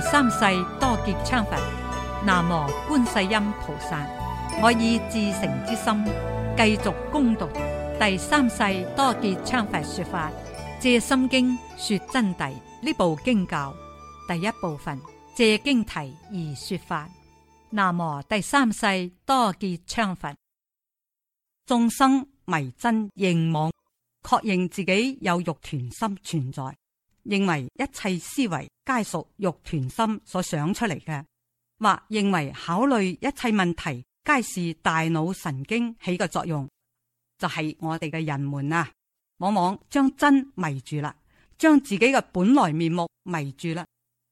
第三世多杰羌佛，南無觀世音菩薩，我以至誠之心繼續恭讀第三世多杰羌佛說法《藉心經》說真諦呢部經教第一部分，藉經題而說法。南無第三世多杰羌佛，眾生迷真認妄，確認自己有肉團心存在。認為一切思維皆屬肉團心所想出嚟嘅，或認為考慮一切問題皆是大腦神經起嘅作用，就係、是、我哋嘅人們啊，往往將真迷住啦，將自己嘅本來面目迷住啦，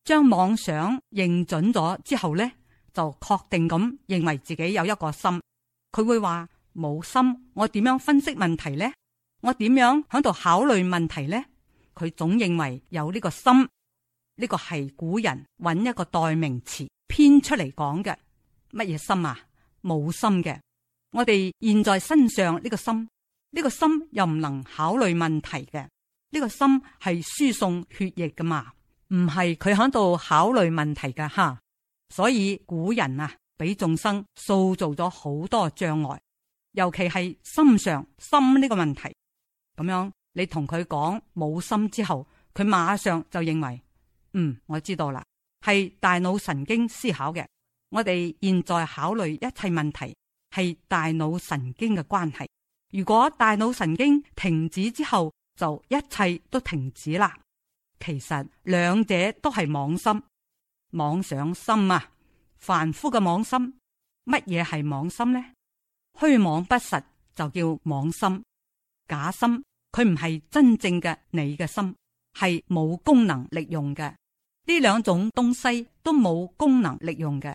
將妄想認準咗之後呢，就確定咁認為自己有一個心，佢會話冇心，我點樣分析問題呢？我點樣喺度考慮問題呢？」佢總認為有呢個心，呢個係古人揾一個代名詞編出嚟講嘅乜嘢心啊？冇心嘅，我哋現在身上呢個心，呢個心又唔能考慮問題嘅，呢個心係輸送血液噶嘛，唔係佢喺度考慮問題噶吓，所以古人啊，俾眾生塑造咗好多障礙，尤其係心上心呢個問題咁樣。你同佢講冇心之後，佢馬上就認為嗯，我知道啦，係大腦神經思考嘅。我哋現在考慮一切問題係大腦神經嘅關係。如果大腦神經停止之後，就一切都停止啦。其實兩者都係妄心妄想心啊，凡夫嘅妄心，乜嘢係妄心呢？虛妄不實就叫妄心，假心。佢唔係真正嘅你嘅心，係冇功能利用嘅。呢兩種東西都冇功能利用嘅。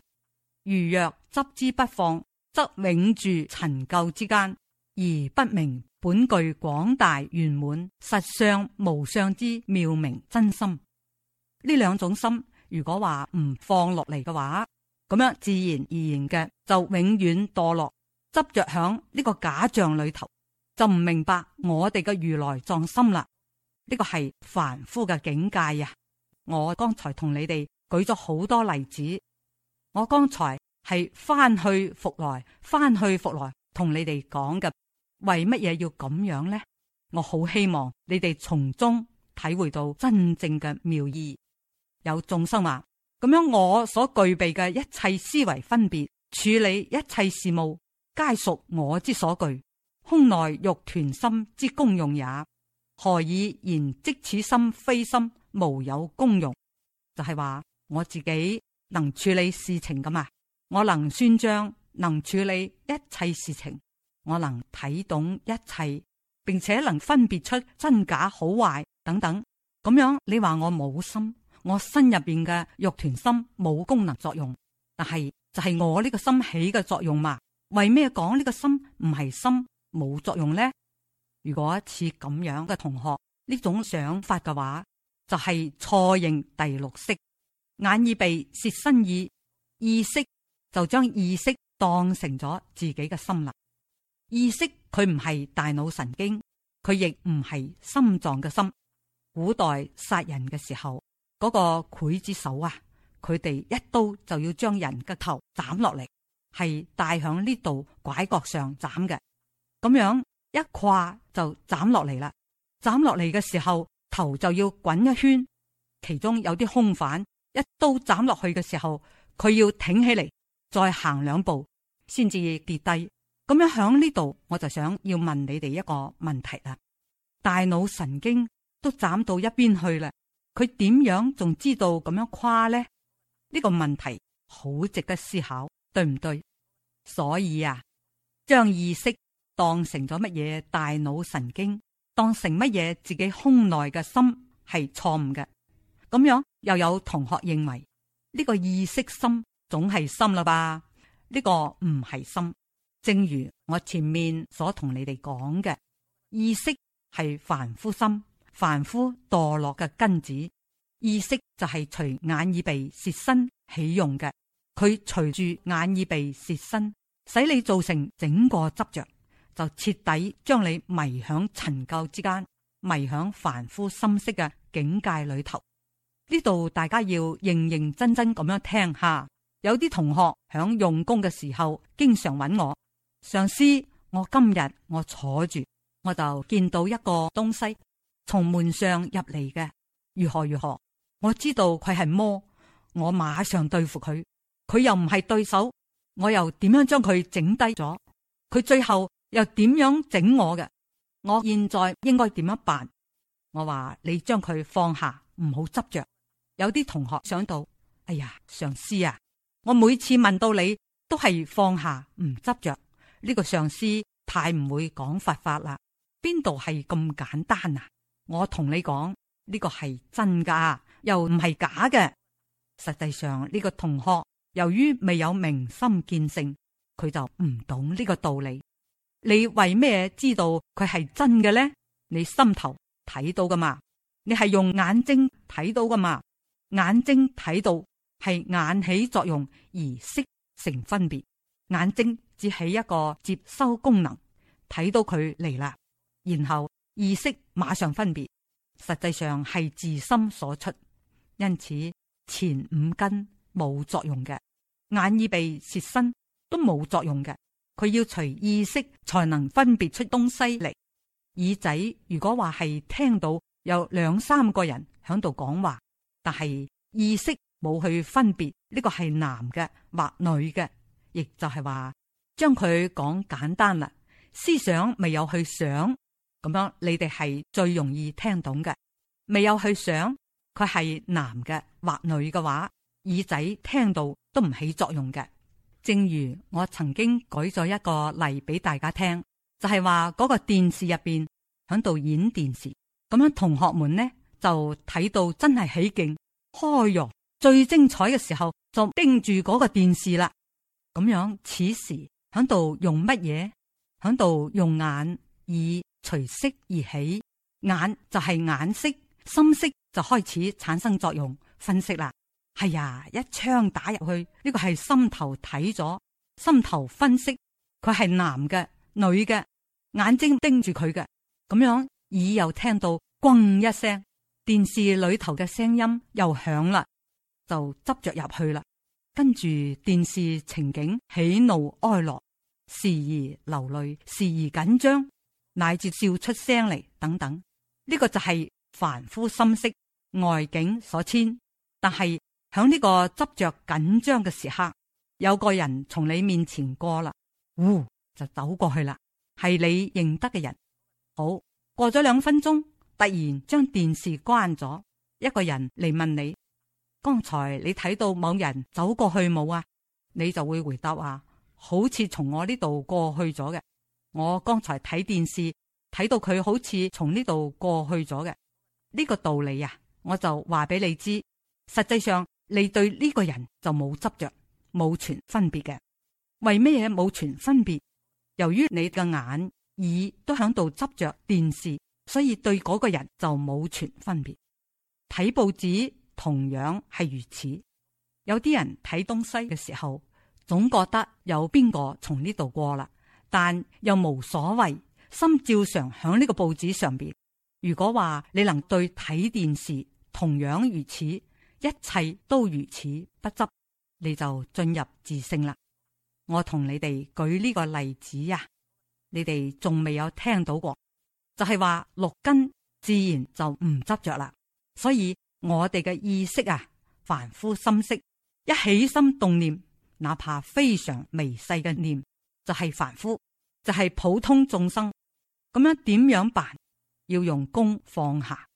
如若執之不放，則永住塵垢之間，而不明本具廣大圓滿實相無相之妙明真心。呢兩種心，如果話唔放落嚟嘅話，咁樣自然而然嘅就永遠墮落，執着響呢個假象裏頭，就唔明白我哋嘅如來藏心啦，呢個係凡夫嘅境界呀。我剛才同你哋舉咗好多例子，我剛才係翻去復來，翻去復來同你哋講嘅，為乜嘢要咁樣呢？我好希望你哋從中體會到真正嘅妙意。有眾生話：咁樣我所具備嘅一切思維分別，處理一切事務，皆屬我之所具。胸內肉團心之功用也，何以言即此心非心，無有功用？就係、是、話我自己能處理事情咁啊，我能算賬，能處理一切事情，我能睇懂一切，並且能分別出真假好壞等等。咁樣你話我冇心，我身入邊嘅肉團心冇功能作用，但係就係、是、我呢個心起嘅作用嘛？為咩講呢個心唔係心？冇作用咧。如果似咁樣嘅同學呢種想法嘅話，就係、是、錯認第六識。眼耳鼻舌身意意識，就將意識當成咗自己嘅心靈意識。佢唔係大腦神經，佢亦唔係心臟嘅心。古代殺人嘅時候，嗰、那個劊子手啊，佢哋一刀就要將人嘅頭斬落嚟，係帶喺呢度拐角上斬嘅。咁樣一跨就斬落嚟啦，斬落嚟嘅時候頭就要滾一圈，其中有啲兇犯一刀斬落去嘅時候，佢要挺起嚟再行兩步先至跌低。咁樣喺呢度我就想要問你哋一個問題啦：大腦神經都斬到一邊去啦，佢點樣仲知道咁樣跨呢？呢個問題好值得思考，對唔對？所以啊，將意識。當成咗乜嘢大腦神經？當成乜嘢自己胸內嘅心係錯誤嘅？咁樣又有同學認為呢個意識心總係心啦吧？呢個唔係心。正如我前面所同你哋講嘅，意識係凡夫心，凡夫墮落嘅根子。意識就係隨眼耳鼻舌身起用嘅，佢隨住眼耳鼻舌身使你造成整個執着。就徹底將你迷響塵垢之間，迷響凡夫心色嘅境界裏頭。呢度大家要認認真真咁樣聽下。有啲同學響用功嘅時候，經常揾我：上師。我今日我坐住，我就見到一個東西從門上入嚟嘅，如何如何？我知道佢係魔，我馬上對付佢。佢又唔係對手，我又點樣將佢整低咗？佢最後。又點樣整我嘅？我現在應該點樣辦？我話你將佢放下，唔好執着。有啲同學想到，哎呀，上司啊，我每次問到你都係放下唔執着，呢個上司太唔會講法法啦。邊度係咁簡單啊？我同你講，呢個係真噶，又唔係假嘅。實際上，呢個同學由於未有明心見性，佢就唔懂呢個道理。你為咩知道佢係真嘅咧？你心頭睇到噶嘛？你係用眼睛睇到噶嘛？眼睛睇到係眼起作用而色成分別，眼睛只起一個接收功能，睇到佢嚟啦，然後意識馬上分別，實際上係自心所出，因此前五根冇作用嘅，眼耳鼻舌身都冇作用嘅。佢要隨意識才能分別出東西嚟。耳仔如果話係聽到有兩三個人響度講話，但係意識冇去分別呢個係男嘅或女嘅，亦就係話將佢講簡單啦。思想未有去想，咁樣你哋係最容易聽懂嘅。未有去想佢係男嘅或女嘅話，耳仔聽到都唔起作用嘅。正如我曾經舉咗一個例俾大家聽，就係話嗰個電視入邊響度演電視，咁樣同學們呢就睇到真係起勁，開、哎、喲！最精彩嘅時候就盯住嗰個電視啦。咁樣此時響度用乜嘢？響度用眼耳隨色而起，眼就係眼色，心色就開始產生作用，分析啦。係、哎、呀，一槍打入去，呢、這個係心頭睇咗，心頭分析，佢係男嘅、女嘅，眼睛盯住佢嘅，咁樣耳又聽到咣一聲，電視裏頭嘅聲音又響啦，就執着入去啦。跟住電視情景，喜怒哀樂，時而流淚，時而緊張，乃至笑出聲嚟，等等，呢、這個就係凡夫心識外境所遷，但係。喺呢個執着緊張嘅時刻，有個人從你面前過啦，呼就走過去啦，係你認得嘅人。好，過咗兩分鐘，突然將電視關咗，一個人嚟問你：剛才你睇到某人走過去冇啊？你就會回答話：好似從我呢度過去咗嘅。我剛才睇電視睇到佢好似從呢度過去咗嘅。呢個道理呀，我就話俾你知，實際上。你對呢個人就冇執着，冇全分別嘅。為咩嘢冇全分別？由於你嘅眼、耳都響度執着電視，所以對嗰個人就冇全分別。睇報紙同樣係如此。有啲人睇東西嘅時候，總覺得有邊個從呢度過啦，但又無所謂，心照常響呢個報紙上面。如果話你能對睇電視同樣如此。一切都如此不執，你就進入自性啦。我同你哋舉呢個例子呀，你哋仲未有聽到過，就係話六根自然就唔執着啦。所以我哋嘅意識啊，凡夫心識，一起心動念，哪怕非常微細嘅念，就係凡夫，就係普通眾生。咁樣點樣辦？要用功放下，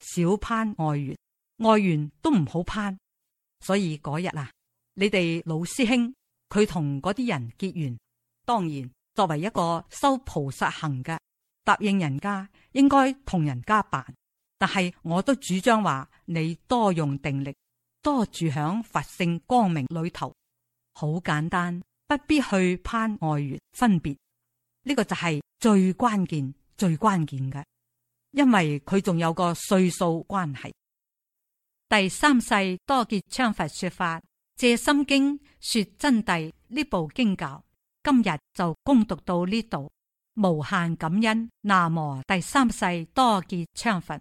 小攀外緣。外緣都唔好攀，所以嗰日啊，你哋老師兄佢同嗰啲人結緣，當然作為一個修菩薩行嘅，答應人家應該同人家辦。但係我都主張話，你多用定力，多住響佛性光明裏頭，好簡單，不必去攀外緣分別。呢、這個就係最關鍵、最關鍵嘅，因為佢仲有個歲數關係。第三世多杰羌佛說法《藉心經》說真諦呢部經教，今日就恭讀到呢度，無限感恩。南無第三世多杰羌佛。